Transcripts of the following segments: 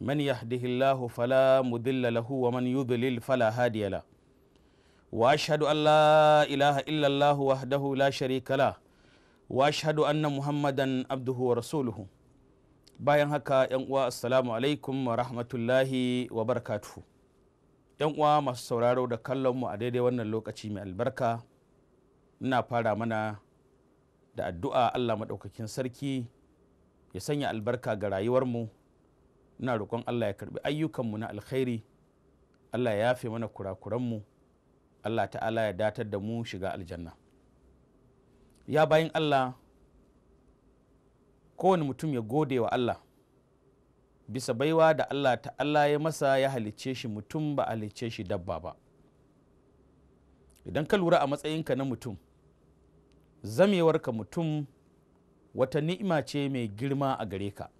من يهده الله فلا مضل له ومن يضلل فلا هادي له واشهد ان لا اله الا الله وحده لا شريك له واشهد ان محمدا عبده ورسوله bayan haka yan uwa assalamu alaikum wa rahmatullahi wa barakatuhu yan uwa masu sauraro da kallon mu a daidai wannan lokaci mai albarka ina fara mana da addu'a Allah maɗaukakin sarki ya sanya albarka ga rayuwarmu. mu ina roƙon Allah ya karbi ayyukanmu na alkhairi Allah ya yafe mana kurakuranmu Allah ta'ala ya datar da mu shiga aljanna ya bayin Allah kowane mutum ya gode wa Allah bisa baiwa da Allah ta'ala ya masa ya halicce shi mutum ba a halicce shi dabba ba idan ka lura a matsayinka na mutum zamewarka mutum wata ni'ima ce mai girma a gare ka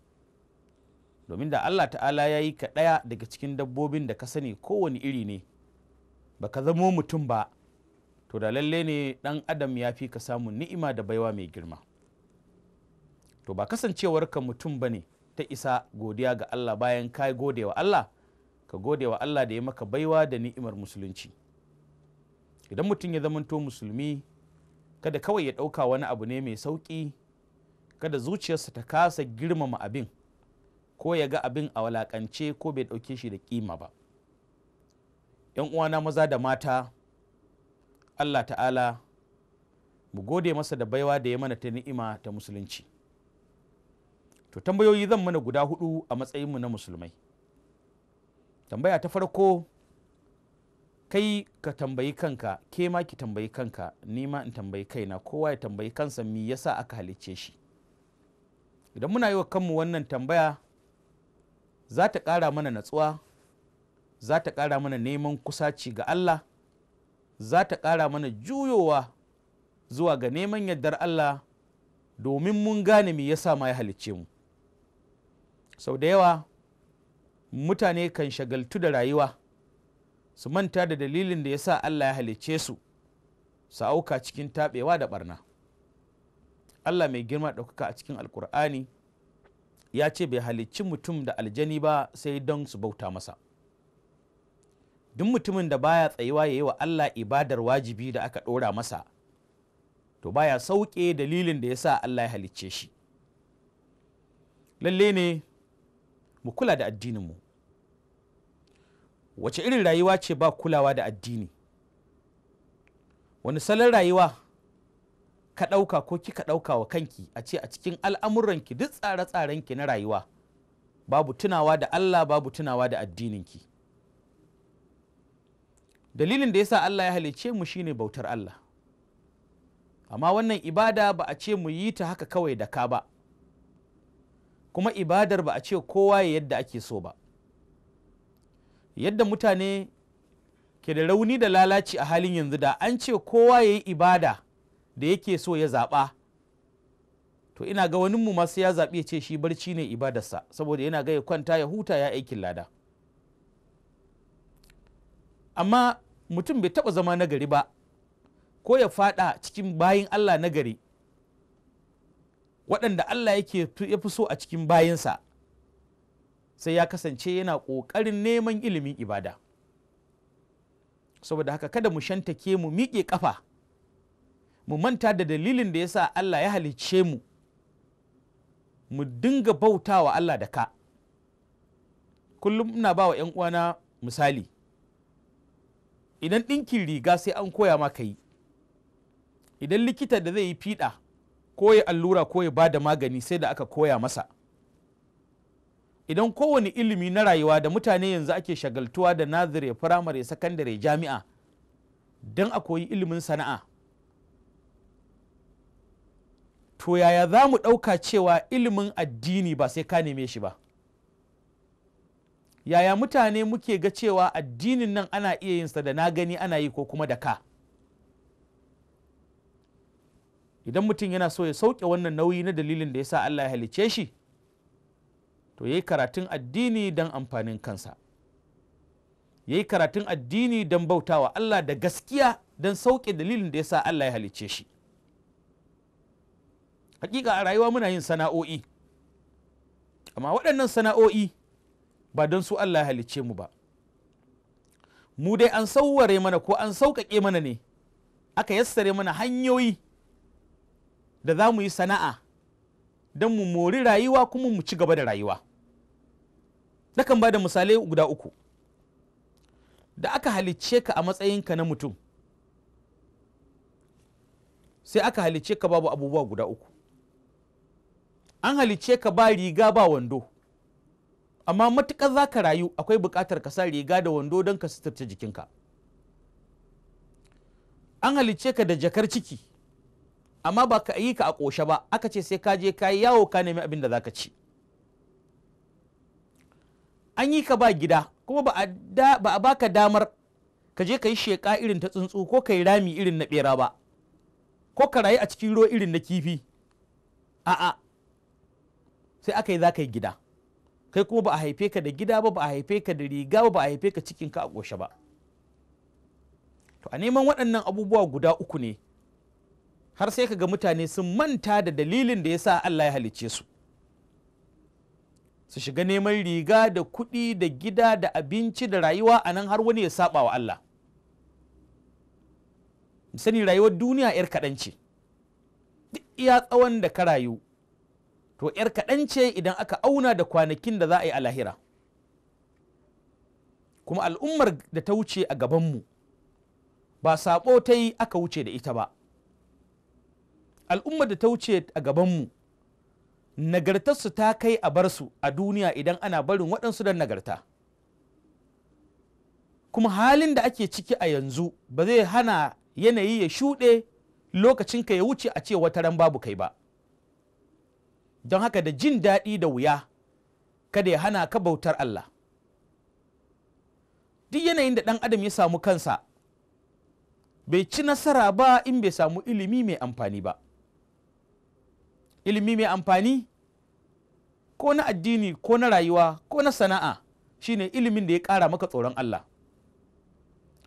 domin da Allah ta'ala ya yi ka ɗaya daga cikin dabbobin da ka sani kowane iri ne ba ka zamo mutum ba to da lalle ne ɗan adam ya fi ka samun ni'ima da baiwa mai girma to ba kasancewar ka mutum ba ne ta isa godiya ga Allah bayan ka gode wa Allah ka gode wa Allah da ya maka baiwa da ni'imar musulunci idan mutum ya zamanto musulmi kada kawai ya ɗauka wani abu ne mai sauƙi kada zuciyarsa ta kasa girmama abin ko ya ga abin a walakance ko bai ɗauke shi da ƙima ba yan uwana maza da mata allah ta'ala mu gode masa da baiwa da ya mana ta ni'ima ta musulunci to tambayoyi zan mana guda hudu a matsayinmu na musulmai tambaya ta farko kai ka tambayi kanka ke ma ki tambayi kanka ni ma in tambayi kai na kowa ya tambayi kansa me yasa aka halicce shi idan muna yi wa kanmu wannan tambaya za ta ƙara mana natsuwa za ta ƙara mana neman kusaci ga Allah za ta ƙara mana juyowa zuwa ga neman yardar Allah domin mun gane me yasa ma ya halicce mu sau da yawa mutane kan shagaltu da rayuwa su manta da dalilin da yasa Allah ya halicce su su auka cikin taɓewa da ɓarna Allah mai girma ɗaukaka a cikin alkur'ani ya ce bai halicci mutum da aljani ba sai don su bauta masa duk mutumin da baya tsayuwa ya yi wa Allah ibadar wajibi da aka ɗora masa to baya sauƙe dalilin da ya sa Allah ya halicce shi lalle ne mu kula da addininmu wace irin rayuwa ce ba kulawa da addini wani salon rayuwa ka ɗauka ko kika ɗauka wa kanki a ce a cikin al'amuranki duk tsare-tsarenki na rayuwa babu tunawa da Allah babu tunawa da addininki dalilin da ya sa Allah ya halicce mu shine bautar Allah amma wannan ibada ba a ce mu yi ta haka kawai da ka ba kuma ibadar ba a ce kowa ya yadda ake so ba yadda mutane ke da rauni da lalaci a halin yanzu da an ce kowa ya yi ibada da yake so ya zaɓa to ina ga wani mu masu ya zaɓi ya ce shi barci ne ibadarsa saboda yana ga ya kwanta ya huta ya aikin lada amma mutum bai taɓa zama nagari ba ko ya faɗa cikin bayin Allah nagari waɗanda Allah yake ya fi so a cikin bayinsa sai ya kasance yana ƙoƙarin neman ilimin ibada saboda haka kada mu shantake mu miƙe ƙafa mu manta da dalilin da ya sa Allah ya halicce mu mu dinga bautawa Allah da ka kullum ina ba wa 'yan uwana misali idan ɗinkin riga sai an koya maka yi idan likita da zai yi fiɗa ko ya allura ko ya ba da magani sai da aka koya masa idan kowane ilimi na rayuwa da mutane yanzu ake shagaltuwa da nazire firamare sakandare jami'a don a koyi ilimin sana'a to yaya za mu ɗauka cewa ilimin addini ba sai ka neme shi ba yaya mutane muke ga cewa addinin nan ana iya yinsa da na gani ana yi ko kuma da ka idan mutum yana so ya sauke wannan nauyi na dalilin da ya sa Allah ya halicce shi to ya karatun addini don amfanin kansa ya karatun addini don bautawa Allah da gaskiya don sauke dalilin da ya sa Allah ya halicce shi hakika a rayuwa muna yin sana'o'i amma waɗannan sana'o'i ba don su Allah halicce mu ba mu dai an sauware mana ko an sauƙaƙe mana ne aka yassare mana hanyoyi da za mu yi sana'a don mu mori rayuwa kuma mu ci gaba da rayuwa nakan ba da misalai guda uku da aka halicce ka a matsayinka na mutum sai aka halicce ka babu abubuwa guda uku an halice ka ba riga ba wando amma matuƙar za ka rayu akwai buƙatar ka sa riga da wando don ka suturce jikinka an halice ka da jakar ciki amma ba ka yi ka a ƙoshe ba aka ce sai ka je ka yi yawo ka nemi abin da za ka ci an yi ka ba gida kuma ba a baka damar ka je ka yi sheƙa irin ta tsuntsu ko ka yi rami irin na ɓera ba ko ka rayu a cikin ruwa irin na kifi a'a sai aka yi za yi gida kai kuma ba a haife ka da gida ba ba a haife ka da riga ba ba a haife ka cikin ka a goshe ba to a neman waɗannan abubuwa guda uku ne har sai ka ga mutane sun manta da dalilin da ya sa Allah ya halicce su su shiga neman riga da kuɗi da gida da abinci da rayuwa a nan har wani ya saba wa Allah sani rayuwar duniya 'yar kaɗan ce duk iya tsawon da ka rayu to ‘yar kaɗan ce idan aka auna da kwanakin da za a yi a lahira kuma al'ummar da ta wuce a gabanmu ba saɓo ta yi aka wuce da ita ba al'ummar da ta wuce a gaban gabanmu nagartarsu ta kai a barsu a duniya idan ana barin waɗansu don nagarta kuma halin da ake ciki a yanzu ba zai hana yanayi ya shuɗe lokacin ka ya wuce a ce wata ran babu kai ba don haka da jin daɗi da wuya kada ya hana ka bautar Allah duk yanayin da ɗan adam ya samu kansa bai ci nasara ba in bai samu ilimi mai amfani ba ilimi mai amfani ko na addini ko na rayuwa ko na sana'a shine ilimin da ya ƙara maka tsoron Allah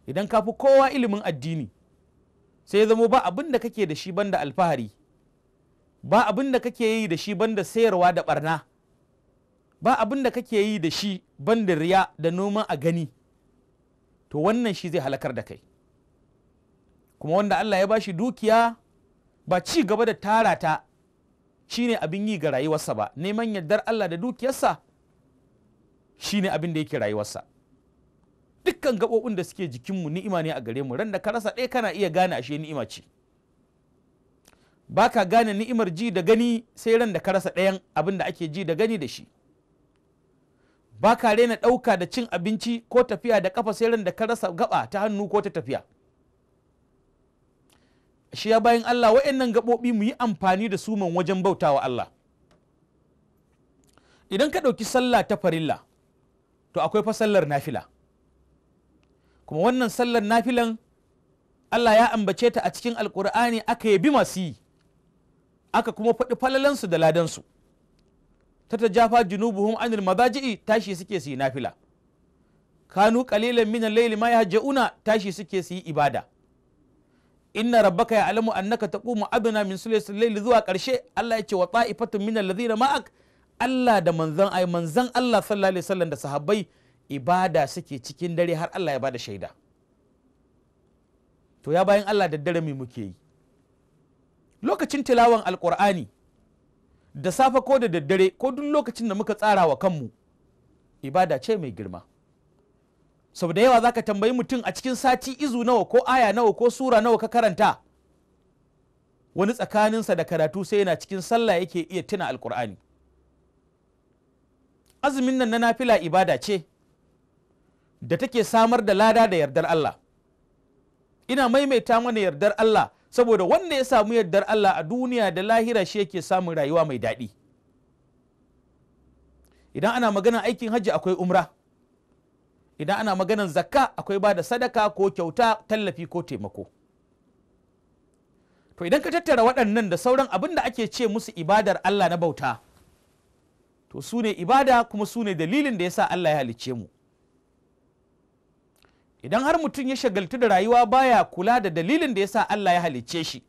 idan ka fi kowa ilimin addini sai ya zamo ba abin da kake da shi banda alfahari ba abin da kake yi da shi banda sayarwa da barna ba abin da kake yi da shi banda riya da noma a gani to wannan shi zai halakar da kai kuma wanda Allah ya bashi dukiya ba ci gaba da tarata ta shine abin yi ga rayuwarsa ba neman yardar Allah da dukiyarsa shine abin da yake rayuwarsa dukkan gaɓoɓin da suke jikinmu ni'ima ne a gare mu ran da ka rasa ɗaya kana iya gane ashe ni'ima ce Baka gane ni'imar ji da gani sai ran da ka rasa ɗayan abin da ake ji da gani da shi ba ka rena ɗauka da cin abinci ko tafiya da ƙafa sai ran da ka rasa gaba ta hannu ko ta tafiya shi ya bayan Allah wa'annan gaɓoɓi mu yi amfani da su man wajen bautawa Allah idan ka ɗauki sallah ta farilla to akwai fa sallar nafila kuma wannan sallar nafilan Allah ya ambace ta a cikin alkur'ani aka yabi masu yi aka kuma faɗi falalansu da ladansu ta ta jafa junubuhum anil mazaji'i tashi suke su yi nafila kanu kalilan min al-layli ma una tashi suke su yi ibada inna rabbaka ya'lamu annaka taqumu adna min sulusil layli zuwa karshe Allah ya ce wa ta'ifatun min alladhina ma'ak Allah da manzan ai manzan Allah sallallahu alaihi wasallam da sahabbai ibada suke cikin dare har Allah ya bada shaida to ya bayan Allah da dare me muke yi lokacin tilawan alkur'ani da safe ko da daddare ko duk lokacin da muka tsara wa kanmu ibada ce mai girma sau da yawa za ka tambayi mutum a cikin sati izu nawa ko aya nawa ko sura nawa ka karanta wani tsakaninsa da karatu sai yana cikin sallah yake iya tuna alkur'ani azumin nan na nafila ibada ce da take samar da lada da yardar Allah ina maimaita mana yardar Allah saboda wanda ya samu yardar Allah a duniya da lahira shi yake samun rayuwa mai daɗi idan ana maganar aikin hajji akwai umra idan ana maganar zakka akwai ba da sadaka ko kyauta tallafi ko taimako to idan ka tattara waɗannan da sauran abin da ake ce musu ibadar Allah na bauta to su ne ibada kuma su ne dalilin da ya sa Allah ya halicce mu idan har mutum ya shagaltu da rayuwa baya kula da dalilin da ya sa Allah ya halicce shi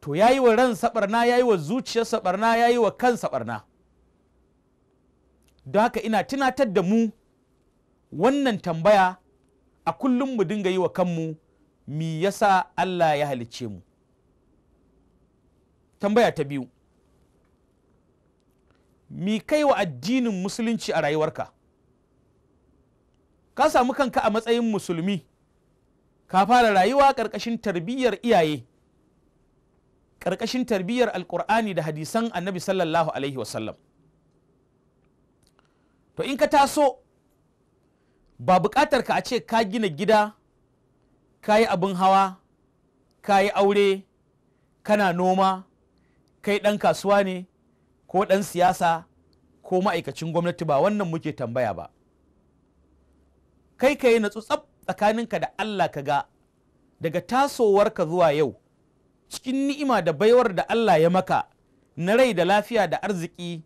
to ya yi wa ran barna ya yi wa zuciyarsa barna ya yi wa kan barna don haka ina tunatar da mu wannan tambaya a kullum mu dinga yi wa kanmu mi yasa Allah ya halicce mu tambaya ta biyu mi kai wa addinin musulunci a rayuwarka ka samu kanka a matsayin musulmi ka fara rayuwa ƙarƙashin tarbiyyar iyaye ƙarƙashin tarbiyyar alƙur'ani da hadisan annabi sallallahu alaihi wasallam to in ka taso ba buƙatar ka a ce ka gina gida ka yi abin hawa ka yi aure kana noma kai ɗan kasuwa ne ko ɗan siyasa ko ma'aikacin gwamnati ba wannan muke tambaya ba kai ka yi natsu tsab tsakaninka da Allah ka ga daga tasowarka zuwa yau cikin ni'ima da baiwar da Allah ya maka na rai da lafiya da arziki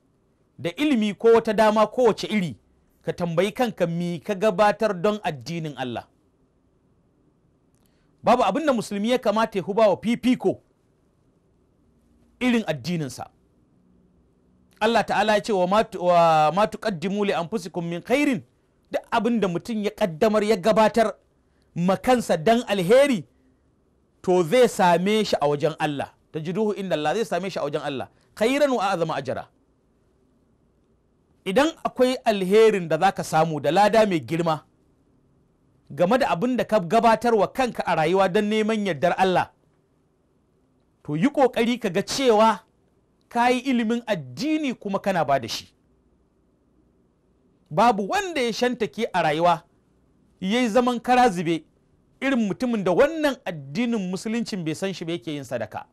da ilimi ko wata dama kowace iri ka tambayi kanka mi ka gabatar don addinin Allah babu abin da musulmi ya kamata ya huba wa fifiko irin addininsa Allah ta'ala ya ce wa matuƙaddimu li anfusikum min khairin duk abin da mutum ya ƙaddamar ya gabatar makansa dan alheri to zai same shi a wajen Allah ta ji duhu inda Allah zai same shi a wajen Allah khairan wa azama ajara idan akwai alherin da zaka samu da lada mai girma game da abin da ka gabatar wa kanka a rayuwa don neman yardar Allah to yi ƙoƙari ka ga cewa ka yi ilimin addini kuma kana ba da shi babu wanda ya ke a rayuwa ya yi zaman kara zube irin mutumin da wannan addinin musuluncin bai san shi ba yake yin sadaka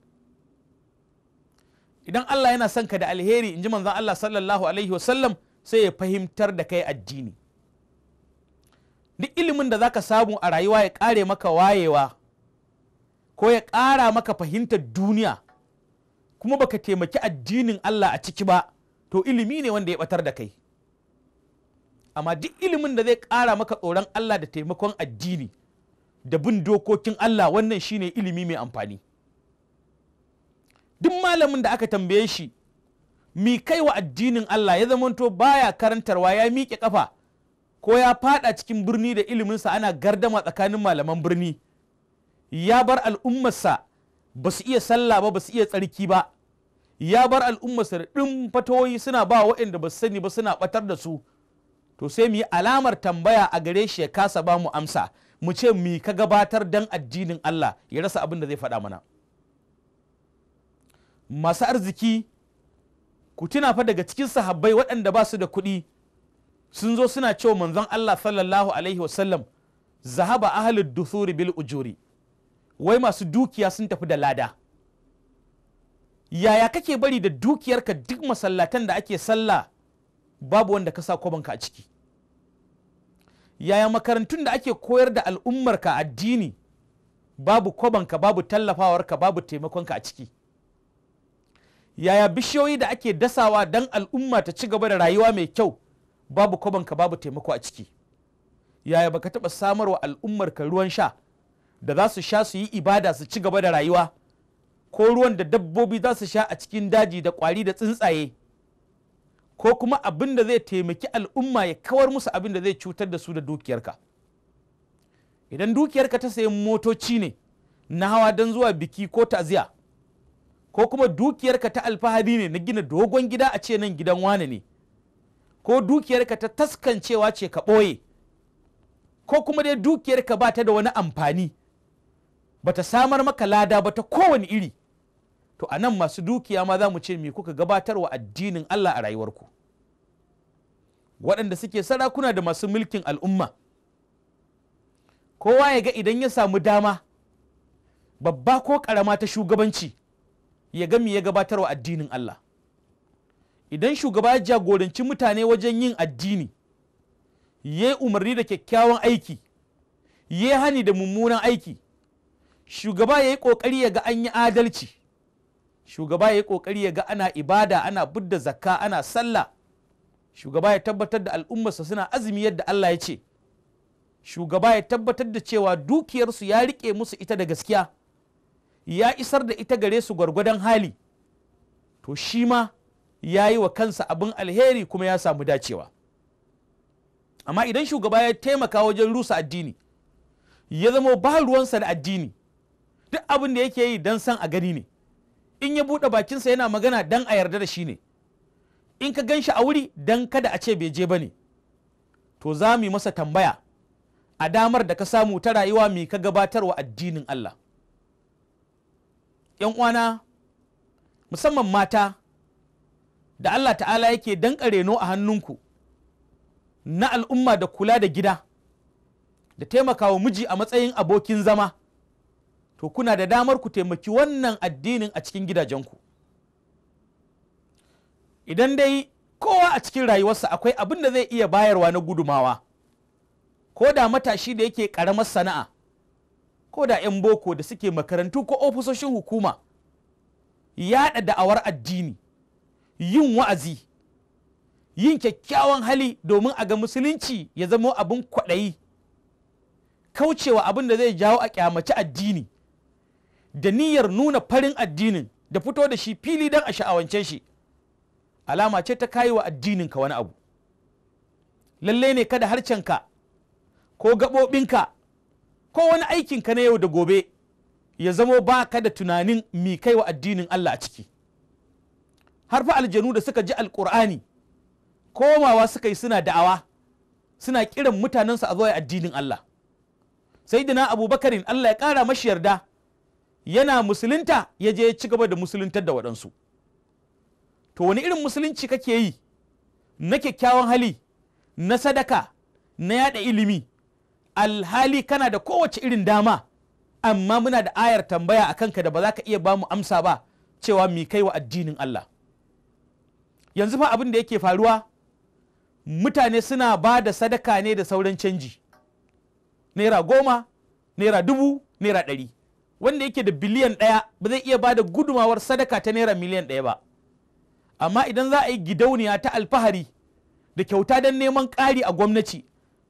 idan Allah yana son ka da alheri in ji manzon Allah sallallahu alaihi wasallam sai ya fahimtar da kai addini duk ilimin da za ka samu a rayuwa ya kare maka wayewa ko ya kara maka fahimtar duniya kuma baka taimaki addinin Allah a ciki ba to ilimi ne wanda ya batar da kai amma duk ilimin da zai ƙara maka tsoron Allah da taimakon addini da bin dokokin Allah wannan shine ilimi mai amfani duk malamin da aka tambaye shi mi kai wa addinin Allah ya zamanto baya karantarwa ya miƙe kafa ko ya fada cikin birni da iliminsa ana gardama tsakanin malaman birni ya bar al'ummarsa ba su iya sallah ba ba su iya tsarki ba ya bar al'ummarsa da ɗin fatoyi suna ba waɗanda ba su sani ba suna ɓatar da su to sai mu yi alamar tambaya a gare shi ya kasa ba mu amsa mu ce mu ka gabatar dan addinin Allah ya rasa abin da zai faɗa mana masu arziki ku tuna fa daga cikin sahabbai waɗanda ba su da kuɗi sun zo suna cewa manzon Allah sallallahu alaihi wasallam zahaba ahlud dusuri bil ujuri wai masu dukiya sun tafi da lada yaya kake bari da dukiyarka duk masallatan da ake sallah babu wanda ka sa kwabanka a ciki yaya makarantun da ake koyar da al'ummarka addini babu kwabanka babu tallafawarka babu taimakonka a ciki yaya bishiyoyi da ake dasawa don al'umma ta ci gaba da rayuwa mai kyau babu kwabanka babu taimako a ciki yaya baka taɓa samarwa al'ummarka ruwan sha da za su sha su yi ibada su ci gaba da rayuwa ko ruwan da dabbobi za su sha a cikin daji da kwari da tsuntsaye ko kuma abin da zai taimaki al'umma ya kawar musu abin da zai cutar da su da dukiyarka idan dukiyarka ta sayi motoci ne na hawa don zuwa biki ko ta'aziya, ko kuma dukiyarka ta alfahari ne na gina dogon gida a ce nan gidan wane ne ko dukiyarka ta taskancewa ce ka ɓoye ko kuma dai dukiyarka ba ta da wani amfani ba ta samar maka lada ba ta kowane iri to a nan masu dukiya ma za mu ce me kuka gabatar wa addinin Allah a rayuwarku waɗanda suke sarakuna da masu mulkin al'umma kowa ya ga idan ya samu dama babba ko ƙarama ta shugabanci ya ga me ya gabatar wa addinin Allah idan shugaba ya jagoranci mutane wajen yin addini ya yi umarni da kyakkyawan aiki ya hani da mummunan aiki shugaba ya yi ƙoƙari ya ga an yi adalci shugaba ya yi ƙoƙari ya ga ana ibada ana budda zakka ana sallah shugaba ya tabbatar da al'ummarsa suna azumi yadda Allah ya ce shugaba ya tabbatar da cewa dukiyarsu ya rike musu ita da gaskiya ya isar da ita gare su gwargwadon hali to shi ma ya yi wa kansa abin alheri kuma ya samu dacewa amma idan shugaba ya taimaka wajen rusa addini ya zama ba ruwansa da addini duk abin da yake yi don san a gani ne in ya buɗe bakinsa yana magana dan a yarda da shi ne in ka gan shi a wuri dan kada a ce bai je ba ne to za mu yi masa tambaya a damar da ka samu ta rayuwa mai ka gabatar wa addinin Allah ‘yan uwana musamman mata da Allah ta'ala yake danƙa reno a hannunku na al'umma da kula da gida da taimakawa miji a matsayin abokin zama to kuna da damar ku taimaki wannan addinin a cikin gidajenku idan dai kowa a cikin rayuwarsa akwai abin da zai iya bayarwa na gudumawa ko da matashi da yake karamar sana'a ko da 'yan boko da suke makarantu ko ofisoshin hukuma yada da'awar addini yin wa'azi yin kyakkyawan hali domin a ga musulunci ya zamo abin kwaɗayi kaucewa abin da zai jawo a kyamaci addini da niyyar nuna farin addinin da fito da shi fili dan a sha'awance shi alama ce ta kayi wa addininka wani abu lalle ne kada ka ko gaɓoɓinka ko wani aikinka na yau da gobe ya zamo ba ka da tunanin mi kai wa addinin Allah a ciki har fa aljanu da suka ji alƙur'ani komawa suka yi suna da'awa suna kiran mutanensu a zo addinin Allah sai dina abubakarin Allah ya ƙara mashi yarda yana musulunta ya je ya ci gaba da musuluntar da waɗansu to wani irin musulunci kake yi na kyakkyawan hali na sadaka na yada ilimi alhali kana da kowace irin dama amma muna da ayar tambaya a kanka da ba za ka iya bamu amsa ba cewa mi kai wa addinin Allah yanzu fa abin da yake faruwa mutane suna ba da sadaka ne da sauran canji naira goma naira dubu naira ɗari wanda yake da biliyan ɗaya ba zai iya bada gudumawar sadaka ta naira miliyan ɗaya ba amma idan za a yi gidauniya ta alfahari da kyauta don neman ƙari a gwamnati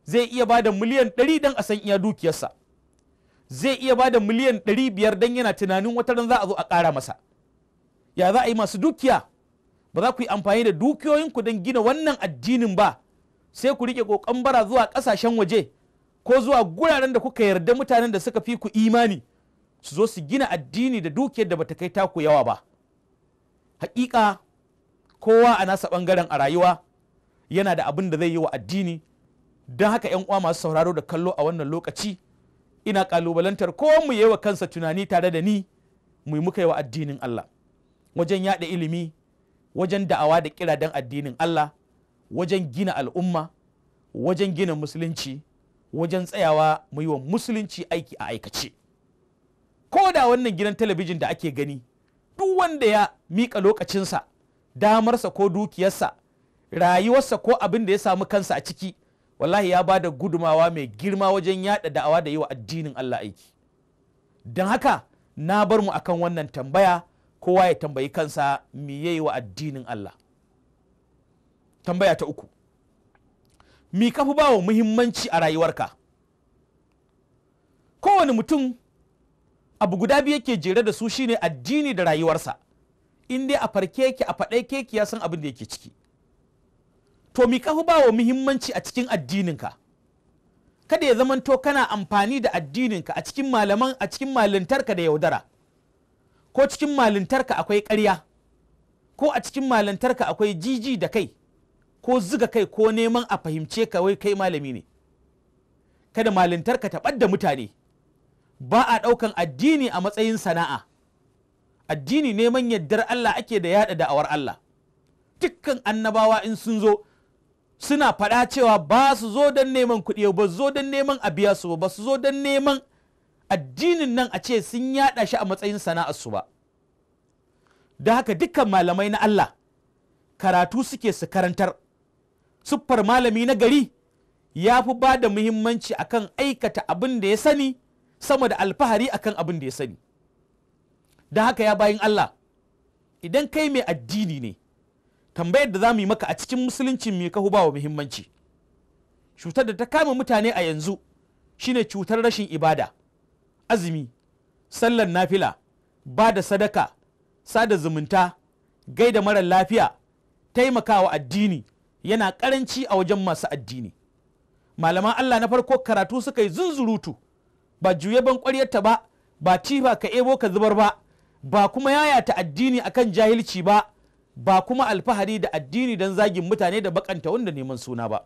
zai iya bada miliyan ɗari dan a san iya dukiyarsa zai iya bada miliyan ɗari biyar dan yana tunanin wata ran za a zo a ƙara masa ya za a yi masu dukiya ba za ku yi amfani da dukiyoyinku don gina wannan addinin ba sai ku riƙe ƙoƙon bara zuwa ƙasashen waje ko zuwa guraren da kuka yarda mutanen da suka fi ku imani su zo su gina addini da dukiyar da bata kai taku yawa ba hakika kowa a nasa bangaren a rayuwa yana da abin da zai yi wa addini don haka yan uwa masu sauraro da kallo a wannan lokaci ina kalubalantar kowan mu yi wa kansa tunani tare da ni mu muka yi wa addinin Allah wajen yada ilimi wajen da'awa da kira don addinin Allah wajen gina al'umma wajen gina musulunci wajen tsayawa mu yi wa musulunci aiki a aikace ko da wannan gidan talabijin da ake gani duk wanda ya mika lokacinsa damarsa ko dukiyarsa rayuwarsa ko abin da ya samu kansa a ciki wallahi ya ba da gudumawa mai girma wajen yada da'awa da yi wa addinin Allah aiki don haka na bar mu akan wannan tambaya kowa ya tambayi kansa me yayi wa addinin Allah tambaya ta uku mi kafi bawa muhimmanci a rayuwarka kowane mutum abu guda biyu yake jere da su shine addini da rayuwarsa in dai a farke yake a faɗai keki ya san abin da yake ciki to mi kahu ba wa muhimmanci a cikin addininka kada ya zamanto kana amfani da addininka a cikin malaman a cikin malintarka da yaudara ko cikin malintarka akwai ƙarya ko a cikin malintarka akwai jiji da kai ko zuga kai ko neman a fahimce ka wai kai malami ne kada malintarka ta ɓadda mutane ba a ɗaukan addini a matsayin sana'a addini neman yardar Allah ake da yada da'awar Allah dukkan annabawa in sun zo suna faɗa cewa ba su zo don neman kuɗi ba zo don neman a biya su ba su zo don neman addinin nan a ce sun yada shi a matsayin sana'ar su ba da haka dukkan malamai na Allah karatu suke su karantar siffar malami na gari ya fi ba da muhimmanci akan aikata abin da ya sani sama da alfahari akan abin da ya sani da haka ya bayan Allah idan kai mai addini ne tambayar da za mu yi maka a cikin musulunci mai kahu ba wa muhimmanci cutar da ta kama mutane a yanzu shine cutar rashin ibada azumi sallar nafila ba da sadaka sada zumunta gaida marar lafiya taimakawa addini yana karanci a wajen masu addini malaman Allah na farko karatu suka yi zunzurutu ba juye ban ƙwaryarta ba ba ci ba ka ebo ka zubar ba ba kuma yaya ta addini akan jahilci ba ba kuma alfahari da addini don zagin mutane da bakanta wanda neman suna ba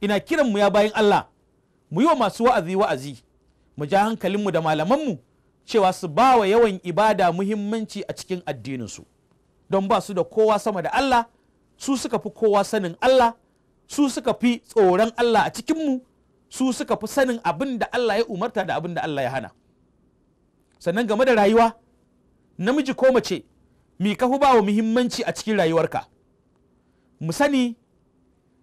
ina kiran mu ya bayan Allah mu yi wa masu wa'azi wa'azi mu ja hankalinmu da malamanmu cewa su ba wa yawan ibada muhimmanci a cikin addininsu don ba su da kowa sama da Allah su suka fi kowa sanin Allah su suka fi tsoron Allah a cikinmu su suka fi sanin abin da Allah ya umarta da abin da Allah ya hana sannan game da rayuwa namiji ko mace mi ka fi wa muhimmanci a cikin rayuwarka mu sani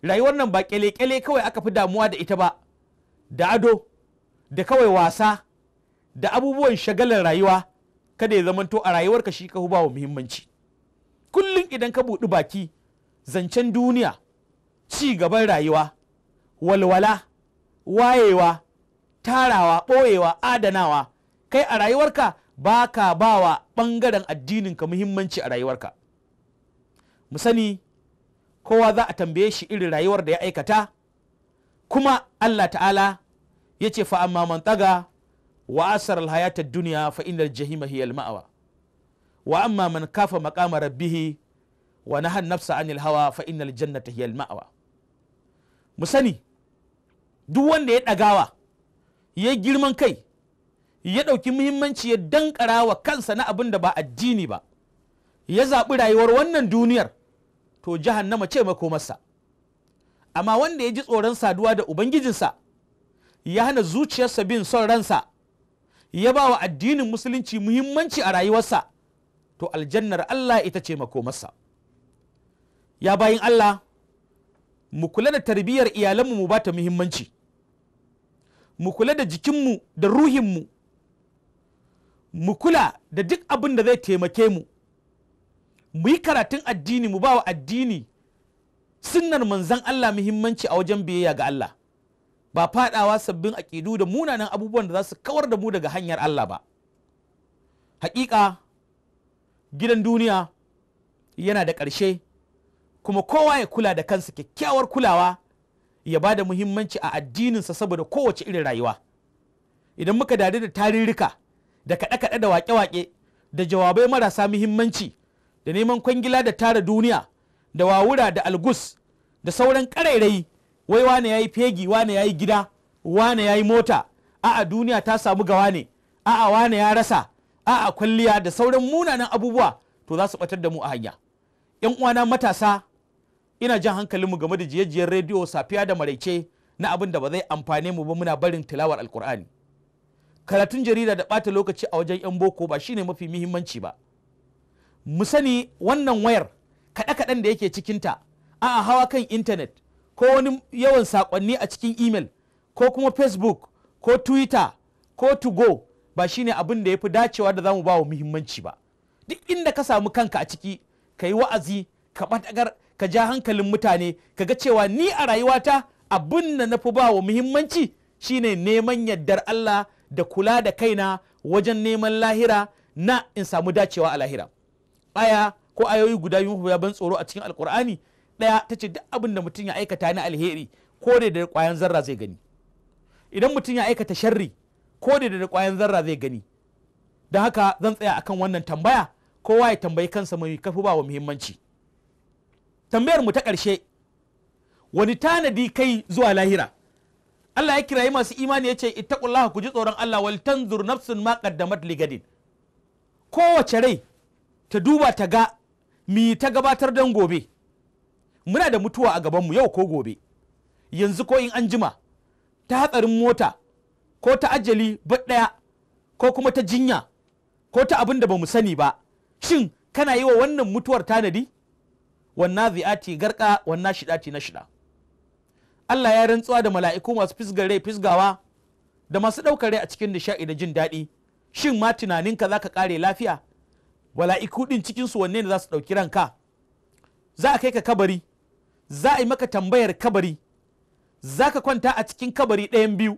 rayuwar nan ba kyale-kyale kawai aka fi damuwa da ita ba da ado da kawai wasa da abubuwan shagalar rayuwa kada ya zamanto a rayuwarka shi ka fi bawa muhimmanci kullum idan ka buɗi baki zancen duniya ci gaban rayuwa walwala wayewa tarawa ɓoyewa adanawa kai a rayuwarka ba ka ba wa ɓangaren addininka muhimmanci a rayuwarka mu sani kowa za a tambaye shi irin rayuwar da ya aikata kuma allah ta'ala ya ce fa man tsaga wa asar alhayatar duniya fa'inar inal jahima ma'awa wa amma man kafa maƙama rabbihi wa nahan nafsa anil hawa fa'inar jannata hiyar ma'awa mu sani duk wanda ya ɗagawa ya girman kai ya ɗauki muhimmanci ya dankara wa kansa na abin da ba addini ba ya zaɓi rayuwar wannan duniyar to jahannama ce makomarsa amma wanda ya ji tsoron saduwa da ubangijinsa ya hana zuciyarsa bin son ransa ya ba wa addinin musulunci muhimmanci a rayuwarsa to aljannar Allah ita ce makomarsa ya bayin Allah mu kula da tarbiyyar iyalanmu mu ba ta muhimmanci mu kula da jikinmu da ruhinmu mu kula da duk abin da zai taimake mu mu yi karatun addini mu bawa addini sunnar manzan Allah muhimmanci a wajen biyayya ga Allah ba fadawa sabbin aƙidu da munanan abubuwan da za su kawar da mu daga hanyar Allah ba haƙiƙa gidan duniya yana da ƙarshe kuma kowa ya kula da kansa kyakkyawar kulawa ya ba da muhimmanci a addininsa saboda kowace irin rayuwa idan muka dadu da tarirrika da kaɗe-kaɗe da waƙe-waƙe da jawabai marasa muhimmanci da neman kwangila da tara duniya da wawura da algus da sauran ƙarairayi wai wane ya yi fegi wane ya yi gida wane ya yi mota a'a duniya ta samu gawa ne a'a wane ya rasa a'a kwalliya da sauran munanan abubuwa to za su batar da mu a hanya yan uwana matasa ina jan hankalinmu game da jiyajiyar rediyo safiya da maraice na abin da ba zai amfane mu ba muna barin tilawar alkur'ani karatun jarida da bata lokaci a wajen 'yan boko ba shine mafi muhimmanci ba mu sani wannan wayar kaɗe-kaɗen da yake cikinta a hawa kan intanet ko wani yawan saƙonni a cikin imel ko kuma facebook ko twitter ko to go ba shine abin da ya fi dacewa da za mu ba wa muhimmanci ba duk inda ka samu kanka a ciki ka yi wa'azi ka ɓatagar ka ja hankalin mutane ka ga cewa ni a rayuwata abin da na fi ba wa muhimmanci shine neman yardar Allah da kula da kaina wajen neman lahira na in samu dacewa a lahira aya ko ayoyi guda biyu ya ban tsoro a cikin alkur'ani ɗaya ta ce duk abin da mutum ya aikata na alheri ko da da kwayan zarra zai gani idan mutum ya aikata sharri ko da da kwayan zarra zai gani da haka zan tsaya akan wannan tambaya kowa ya tambayi kansa mai kafi ba wa muhimmanci tambayar mu ta ƙarshe wani tanadi kai zuwa lahira Allah ya kirayi masu imani ya ce ittaqullaha ku ji tsoron Allah wal tanzur nafsun ma qaddamat ligadin kowace rai ta duba ta ga mi ta gabatar dan gobe muna da mutuwa a gaban mu yau ko gobe yanzu ko in an jima ta hatsarin mota ko ta ajali daya ko kuma ta jinya ko ta abin da ba mu sani ba shin kana yi wa wannan mutuwar tanadi wannan zi'ati garka wannan shidati na shida Allah ya rantsuwa da mala'iku masu fisgare fisgawa da masu ɗaukar rai a cikin nishaɗi da jin daɗi shin ma tunaninka za ka kare lafiya mala'iku cikin su wanne ne za su ɗauki ranka za a kai ka kabari za a yi maka tambayar kabari za ka kwanta a cikin kabari ɗayan biyu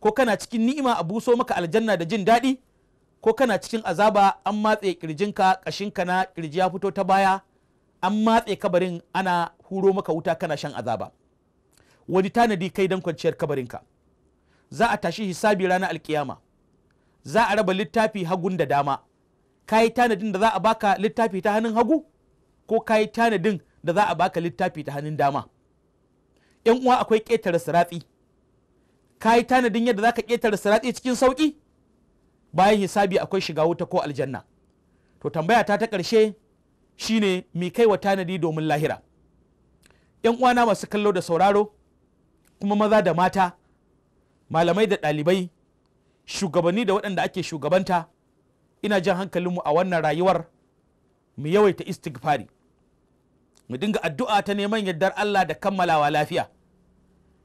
ko kana cikin ni'ima a buso maka aljanna da jin daɗi ko kana cikin azaba an matse ƙirjinka ƙashinka na ƙirji ya fito ta baya an matse kabarin ana huro maka wuta kana shan azaba wani tanadi kai don kwanciyar kabarinka za a tashi hisabi ranar alkiyama za a raba littafi hagun da dama ka yi tanadin da za a baka littafi ta hannun hagu ko ka yi tanadin da za a baka littafi ta hannun dama yan uwa akwai ƙetare siratsi ka yi tanadin yadda za ka ƙetare siratsi cikin sauƙi bayan hisabi akwai shiga wuta ko aljanna to tambaya ta ta ƙarshe shine mi kai wa tanadi domin lahira yan uwana masu kallo da sauraro kuma maza da mata malamai da ɗalibai shugabanni da waɗanda ake shugabanta ina jan hankalinmu a wannan rayuwar mu yawaita istighfari mu dinga addu'a ta neman yardar Allah da kammalawa lafiya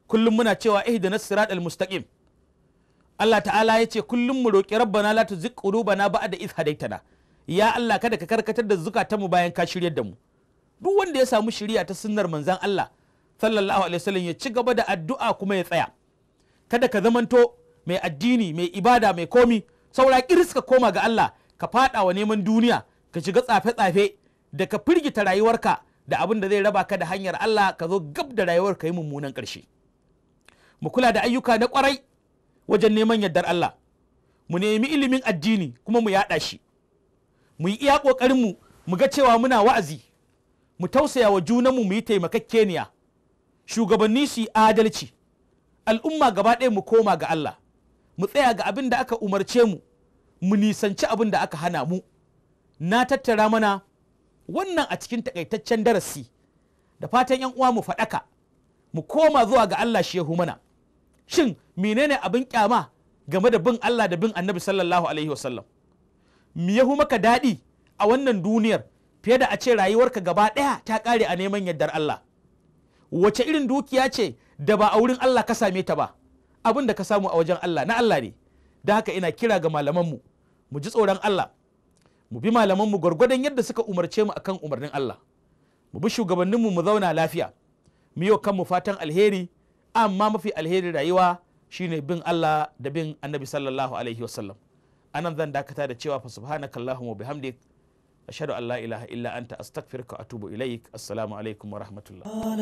kullum muna cewa na sirat almustaqim Allah ta'ala ya ce kullum mu roƙi rabbana la tuzigh qulubana ba'da idh hadaytana ya Allah kada ka karkatar da mu bayan ka shiryar da mu duk wanda ya samu shiriya ta sunnar manzan Allah sallallahu alaihi wasallam ya ci gaba da addu'a kuma ya tsaya kada ka zamanto mai addini mai ibada mai komi saura kiris ka koma ga Allah ka fada wa neman duniya ka shiga tsafe-tsafe da ka firgita rayuwarka da abin da zai raba ka da hanyar Allah ka zo gab da rayuwar ka yi mummunan karshe mu kula da ayyuka na kwarai wajen neman yardar Allah mu nemi ilimin addini kuma mu yaɗa shi mu yi iya ƙoƙarinmu mu ga cewa muna wa'azi mu tausaya wa junanmu mu yi taimakakkeniya shugabanni su adalci al'umma gaba ɗaya mu koma ga Allah mu tsaya ga abin da aka umarce mu mu nisanci abin da aka hana mu na tattara mana wannan a cikin takaitaccen darasi da fatan yan uwa mu faɗaka mu koma zuwa ga Allah shehu mana shin menene abin kyama game da bin Allah da bin Annabi sallallahu alaihi wasallam mi yahu maka daɗi a wannan duniyar fiye da a ce rayuwarka gaba ɗaya ta ƙare a neman yardar Allah wace irin dukiya ce da ba a wurin Allah ka same ta ba abin da ka samu a wajen Allah na Allah ne da haka ina kira ga malamanmu mu ji tsoron Allah mu bi malamanmu gwargwadon yadda suka umarce mu akan umarnin Allah mu bi shugabanninmu mu zauna lafiya mu yi kanmu fatan alheri amma mafi alheri rayuwa shine bin Allah da bin Annabi sallallahu alaihi wasallam anan zan dakata da cewa fa subhanakallahumma bihamdik ashhadu an la ilaha illa anta astaghfiruka wa atubu ilaik assalamu alaikum wa rahmatullah